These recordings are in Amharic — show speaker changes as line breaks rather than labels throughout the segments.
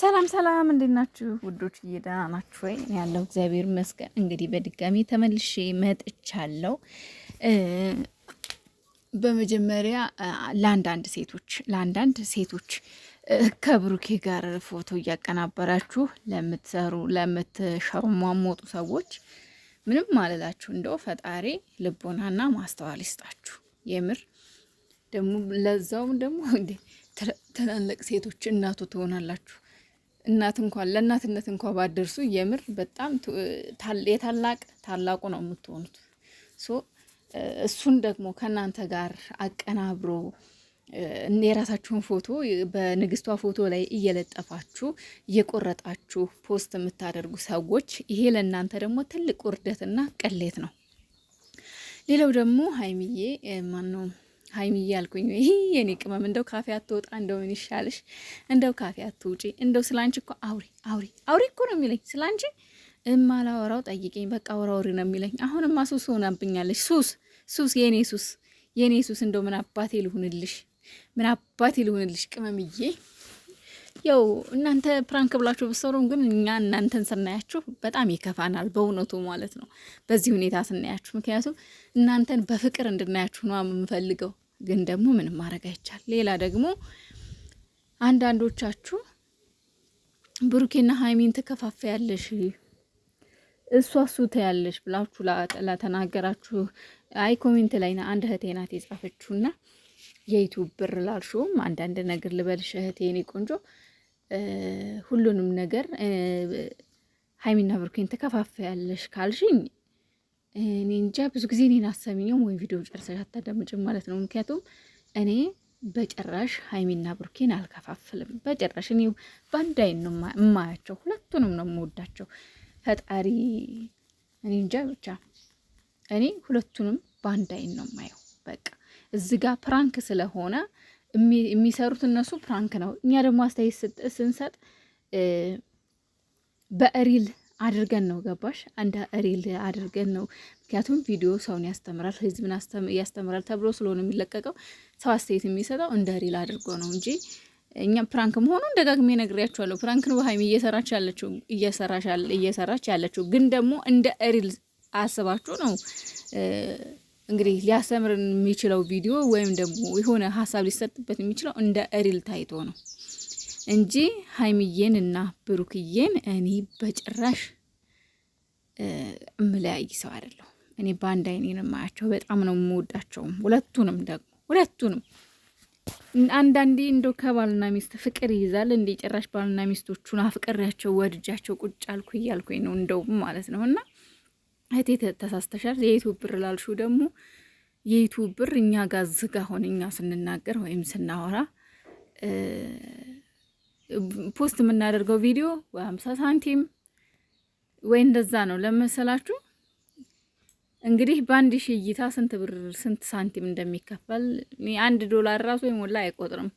ሰላም ሰላም፣ እንዴት ናችሁ ውዶች? እየደህና ናችሁ ወይ? ያለው እግዚአብሔር ይመስገን። እንግዲህ በድጋሚ ተመልሼ መጥቻለሁ። በመጀመሪያ ለአንዳንድ ሴቶች ለአንዳንድ ሴቶች ከብሩኬ ጋር ፎቶ እያቀናበራችሁ ለምትሰሩ ለምትሸርሟሞጡ ሰዎች ምንም አልላችሁ። እንደው ፈጣሪ ልቦናና ማስተዋል ይስጣችሁ። የምር ደግሞ ለዛውም ደግሞ ትላልቅ ሴቶች እናቱ ትሆናላችሁ እናት እንኳን ለእናትነት እንኳ ባደርሱ የምር በጣም የታላቅ ታላቁ ነው የምትሆኑት። ሶ እሱን ደግሞ ከእናንተ ጋር አቀናብሮ የራሳችሁን ፎቶ በንግስቷ ፎቶ ላይ እየለጠፋችሁ እየቆረጣችሁ ፖስት የምታደርጉ ሰዎች ይሄ ለእናንተ ደግሞ ትልቅ ውርደትና ቅሌት ነው። ሌላው ደግሞ ሀይሚዬ ማነው ሀይሚዬ አልኩኝ። ይሄ የኔ ቅመም እንደው ካፌ አትወጣ፣ እንደው ምን ይሻልሽ፣ እንደው ካፌ አትውጪ፣ እንደው ስላንቺ እኮ አውሪ አውሪ አውሪ እኮ ነው የሚለኝ ስላንቺ እማላወራው ጠይቀኝ፣ በቃ ወራውሪ ነው የሚለኝ። አሁንማ ሱስ ሆናብኛለች። ሱስ ሱስ፣ የኔ ሱስ፣ የኔ ሱስ። እንደው ምን አባቴ ልሁንልሽ፣ ምን አባቴ ልሁንልሽ ቅመምዬ። ያው እናንተ ፕራንክ ብላችሁ ብትሰሩም ግን እኛ እናንተን ስናያችሁ በጣም ይከፋናል፣ በእውነቱ ማለት ነው። በዚህ ሁኔታ ስናያችሁ፣ ምክንያቱም እናንተን በፍቅር እንድናያችሁ ነው የምንፈልገው። ግን ደግሞ ምንም ማድረግ አይቻል። ሌላ ደግሞ አንዳንዶቻችሁ ብሩኬና ሀይሚን ትከፋፈ ያለሽ እሷ እሱ ተያለሽ ብላችሁ ላተናገራችሁ አይ ኮሜንት ላይ አንድ እህቴ ናት የጻፈችውና የዩቱብ ብር ላልሽውም አንዳንድ ነገር ልበልሽ እህቴ የኔ ቆንጆ ሁሉንም ነገር ሀይሚና ብሩኬን ትከፋፈ ያለሽ ካልሽኝ እኔ እንጃ ብዙ ጊዜ እኔን አሰሚኝም ወይም ቪዲዮ ጨርሰሽ አታዳምጭም ማለት ነው። ምክንያቱም እኔ በጭራሽ ሀይሚና ብሩኬን አልከፋፍልም። በጭራሽ እኔ በአንድ አይን ነው እማያቸው፣ ሁለቱንም ነው የምወዳቸው። ፈጣሪ እኔ እንጃ ብቻ እኔ ሁለቱንም በአንድ አይን ነው የማየው። በቃ እዚ ጋ ፕራንክ ስለሆነ የሚሰሩት እነሱ ፕራንክ ነው። እኛ ደግሞ አስተያየት ስንሰጥ በእሪል አድርገን ነው ገባሽ እንደ ሪል አድርገን ነው። ምክንያቱም ቪዲዮ ሰውን ያስተምራል፣ ህዝብን ያስተምራል ተብሎ ስለሆነ የሚለቀቀው ሰው አስተያየት የሚሰጠው እንደ ሪል አድርጎ ነው እንጂ እኛ ፕራንክ መሆኑን ደጋግሜ ነግሬያችኋለሁ። ፕራንክ ነው ሀይሚ እየሰራች ያለችው እየሰራች ያለችው ግን ደግሞ እንደ ሪል አስባችሁ ነው እንግዲህ ሊያስተምር የሚችለው ቪዲዮ ወይም ደግሞ የሆነ ሀሳብ ሊሰጥበት የሚችለው እንደ ሪል ታይቶ ነው። እንጂ ሀይሚዬን እና ብሩክዬን እኔ በጭራሽ እምለያይ ሰው አይደለሁ። እኔ በአንድ አይኔ ነው የማያቸው። በጣም ነው የምወዳቸውም ሁለቱንም ደግሞ ሁለቱንም። አንዳንዴ እንደ ከባልና ሚስት ፍቅር ይይዛል። እንደ ጭራሽ ባልና ሚስቶቹን አፍቅሬያቸው ወድጃቸው ቁጭ አልኩ እያልኩኝ ነው እንደውም ማለት ነው። እና እህቴ ተሳስተሻል። የዩቱብ ብር ላልሹ ደግሞ የዩቱብ ብር እኛ ጋር ዝግ አሁን እኛ ስንናገር ወይም ስናወራ ፖስት የምናደርገው ቪዲዮ ወይ ሀምሳ ሳንቲም ወይ እንደዛ ነው ለመሰላችሁ። እንግዲህ በአንድ ሺህ እይታ ስንት ብር ስንት ሳንቲም እንደሚከፈል አንድ ዶላር ራሱ የሞላ አይቆጥርም።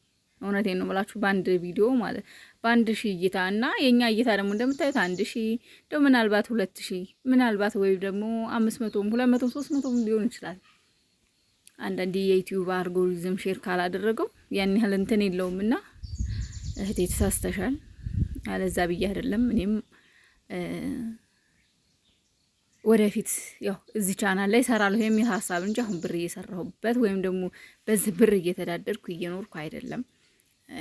እውነቴን ነው የምላችሁ። በአንድ ቪዲዮ ማለት በአንድ ሺህ እይታ እና የእኛ እይታ ደግሞ እንደምታዩት አንድ ሺህ እንደው ምናልባት ሁለት ሺህ ምናልባት ወይም ደግሞ አምስት መቶም ሁለት መቶም ሶስት መቶም ሊሆን ይችላል። አንዳንድ የዩቲዩብ አልጎሪዝም ሼር ካላደረገው ያን ያህል እንትን የለውም እና እህቴ ተሳስተሻል፣ አለዛ ብዬ አይደለም። እኔም ወደፊት ያው እዚህ ቻናል ላይ ሰራለሁ የሚል ሀሳብ እንጂ አሁን ብር እየሰራሁበት ወይም ደግሞ በዚህ ብር እየተዳደርኩ እየኖርኩ አይደለም።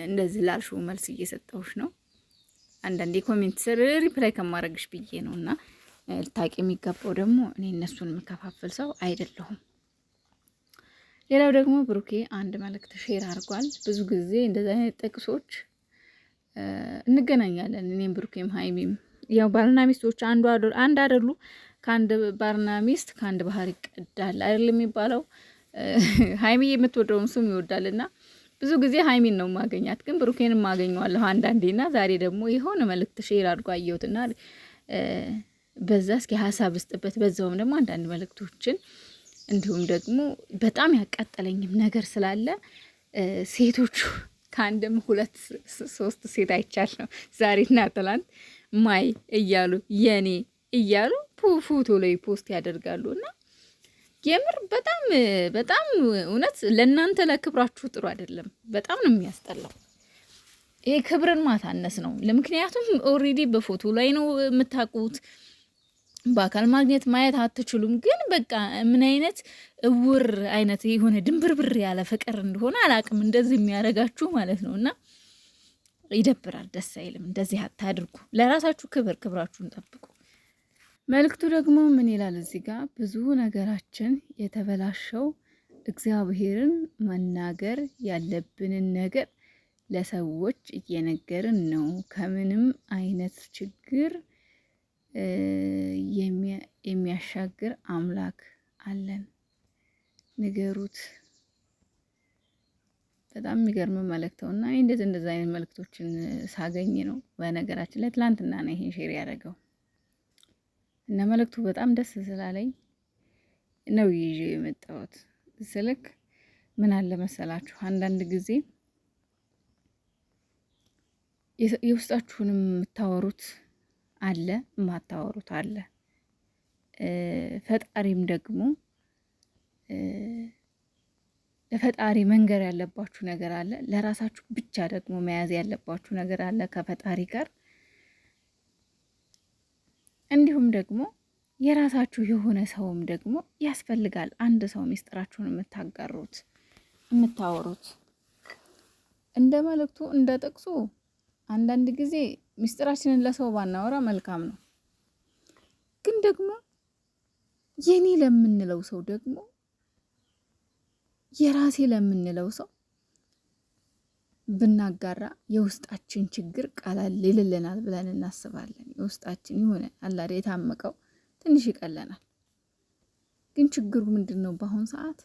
እንደዚህ ላልሹ መልስ እየሰጠሁሽ ነው። አንዳንዴ ኮሜንት ስር ሪፕላይ ከማድረግሽ ብዬ ነው እና ልታቂ የሚገባው ደግሞ እኔ እነሱን የምከፋፍል ሰው አይደለሁም። ሌላው ደግሞ ብሩኬ አንድ መልእክት ሼር አድርጓል። ብዙ ጊዜ እንደዚህ አይነት ጥቅሶች እንገናኛለን። እኔም ብሩኬም ሀይሚም ያው ባልና ሚስቶች አንዱ አንድ አደሉ ከአንድ ባልና ሚስት ከአንድ ባህር ይቀዳል አይደል የሚባለው። ሀይሚ የምትወደውም ሱም ይወዳል እና ብዙ ጊዜ ሀይሚን ነው ማገኛት፣ ግን ብሩኬን ማገኘዋለሁ አንዳንዴና ዛሬ ደግሞ የሆነ መልእክት ሼር አድርጎ አየሁትና በዛ እስኪ ሀሳብ ስጥበት። በዛውም ደግሞ አንዳንድ መልእክቶችን እንዲሁም ደግሞ በጣም ያቃጠለኝም ነገር ስላለ ሴቶቹ ከአንድም ሁለት ሶስት ሴት ነው ዛሬና ትላንት ማይ እያሉ የኔ እያሉ ፎቶ ላይ ፖስት ያደርጋሉ እና የምር በጣም በጣም እውነት ለእናንተ ለክብራችሁ ጥሩ አይደለም። በጣም ነው የሚያስጠላው። ይሄ ክብርን ማሳነስ ነው። ለምክንያቱም ኦሬዲ በፎቶ ላይ ነው የምታውቁት። በአካል ማግኘት ማየት አትችሉም። ግን በቃ ምን አይነት እውር አይነት የሆነ ድንብርብር ያለ ፍቅር እንደሆነ አላቅም፣ እንደዚህ የሚያደርጋችሁ ማለት ነው። እና ይደብራል፣ ደስ አይልም። እንደዚህ አታድርጉ። ለራሳችሁ ክብር ክብራችሁን ጠብቁ። መልእክቱ ደግሞ ምን ይላል እዚህ ጋር? ብዙ ነገራችን የተበላሸው እግዚአብሔርን መናገር ያለብንን ነገር ለሰዎች እየነገርን ነው። ከምንም አይነት ችግር የሚያሻግር አምላክ አለን። ንገሩት። በጣም የሚገርም መልእክት እና እንደዚህ እንደዚህ አይነት መልእክቶችን ሳገኝ ነው። በነገራችን ላይ ትላንትና ነው ይሄን ሼር ያደረገው እና መልእክቱ በጣም ደስ ስላለኝ ነው ይዤ የመጣሁት። ስልክ ምን አለ መሰላችሁ፣ አንዳንድ ጊዜ የውስጣችሁንም የምታወሩት አለ፣ የማታወሩት አለ። ፈጣሪም ደግሞ ለፈጣሪ መንገር ያለባችሁ ነገር አለ። ለራሳችሁ ብቻ ደግሞ መያዝ ያለባችሁ ነገር አለ ከፈጣሪ ጋር እንዲሁም ደግሞ የራሳችሁ የሆነ ሰውም ደግሞ ያስፈልጋል። አንድ ሰው ሚስጥራችሁን የምታጋሩት የምታወሩት እንደ መልእክቱ እንደ ጥቅሱ አንዳንድ ጊዜ ምስጢራችንን ለሰው ባናወራ መልካም ነው። ግን ደግሞ የኔ ለምንለው ሰው ደግሞ የራሴ ለምንለው ሰው ብናጋራ የውስጣችን ችግር ቀለል ይልልናል ብለን እናስባለን። የውስጣችን የሆነ አላደ የታመቀው ትንሽ ይቀለናል። ግን ችግሩ ምንድን ነው? በአሁኑ ሰዓት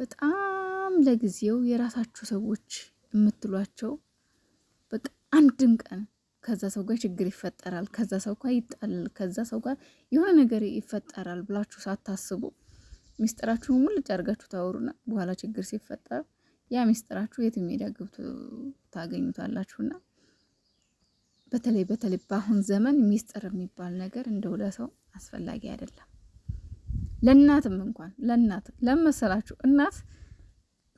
በጣም ለጊዜው የራሳችሁ ሰዎች የምትሏቸው በቃ አንድም ቀን ከዛ ሰው ጋር ችግር ይፈጠራል፣ ከዛ ሰው ጋር ይጣላል፣ ከዛ ሰው ጋር የሆነ ነገር ይፈጠራል ብላችሁ ሳታስቡ ሚስጥራችሁን ሙልጭ አድርጋችሁ ታወሩና በኋላ ችግር ሲፈጠር ያ ሚስጥራችሁ የት ሜዳ ገብቶ ታገኙታላችሁና በተለይ በተለይ በአሁን ዘመን ሚስጥር የሚባል ነገር እንደው ለሰው አስፈላጊ አይደለም። ለእናትም እንኳን ለእናት ለመሰላችሁ እናት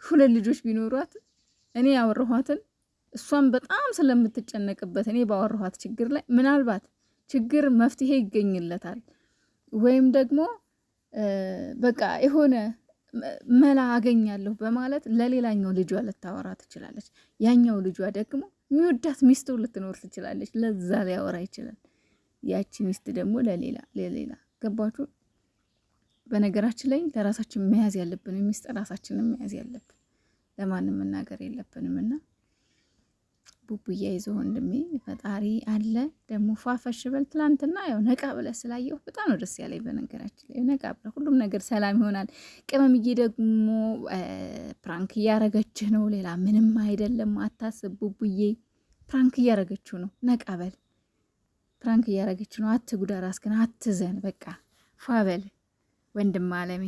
ሁለት ልጆች ቢኖሯት እኔ ያወራኋትን እሷን በጣም ስለምትጨነቅበት እኔ ባወራኋት ችግር ላይ ምናልባት ችግር መፍትሄ ይገኝለታል ወይም ደግሞ በቃ የሆነ መላ አገኛለሁ በማለት ለሌላኛው ልጇ ልታወራ ትችላለች። ያኛው ልጇ ደግሞ የሚወዳት ሚስቱ ልትኖር ትችላለች። ለዛ ሊያወራ ይችላል። ያቺ ሚስት ደግሞ ለሌላ ለሌላ ገባችሁ። በነገራችን ላይ ለራሳችን መያዝ ያለብን ሚስጥ ራሳችንን መያዝ ያለብን ለማንም መናገር የለብንም እና ቡቡያ ይዞ ወንድሜ ፈጣሪ አለ ደግሞ ፏፈሽ በል። ትላንትና ያው ነቃ ብለ ስላየሁ በጣም ነው ደስ ያለኝ። በነገራችን ላይ ነቃ ብለ ሁሉም ነገር ሰላም ይሆናል። ቅመምዬ ደግሞ ፕራንክ እያረገችህ ነው፣ ሌላ ምንም አይደለም አታስብ። ቡቡዬ ፕራንክ እያረገችው ነው። ነቃ በል። ፕራንክ እያረገችው ነው። አትጉዳ ራስክን፣ አትዘን። በቃ ፏበል ወንድም አለሜ።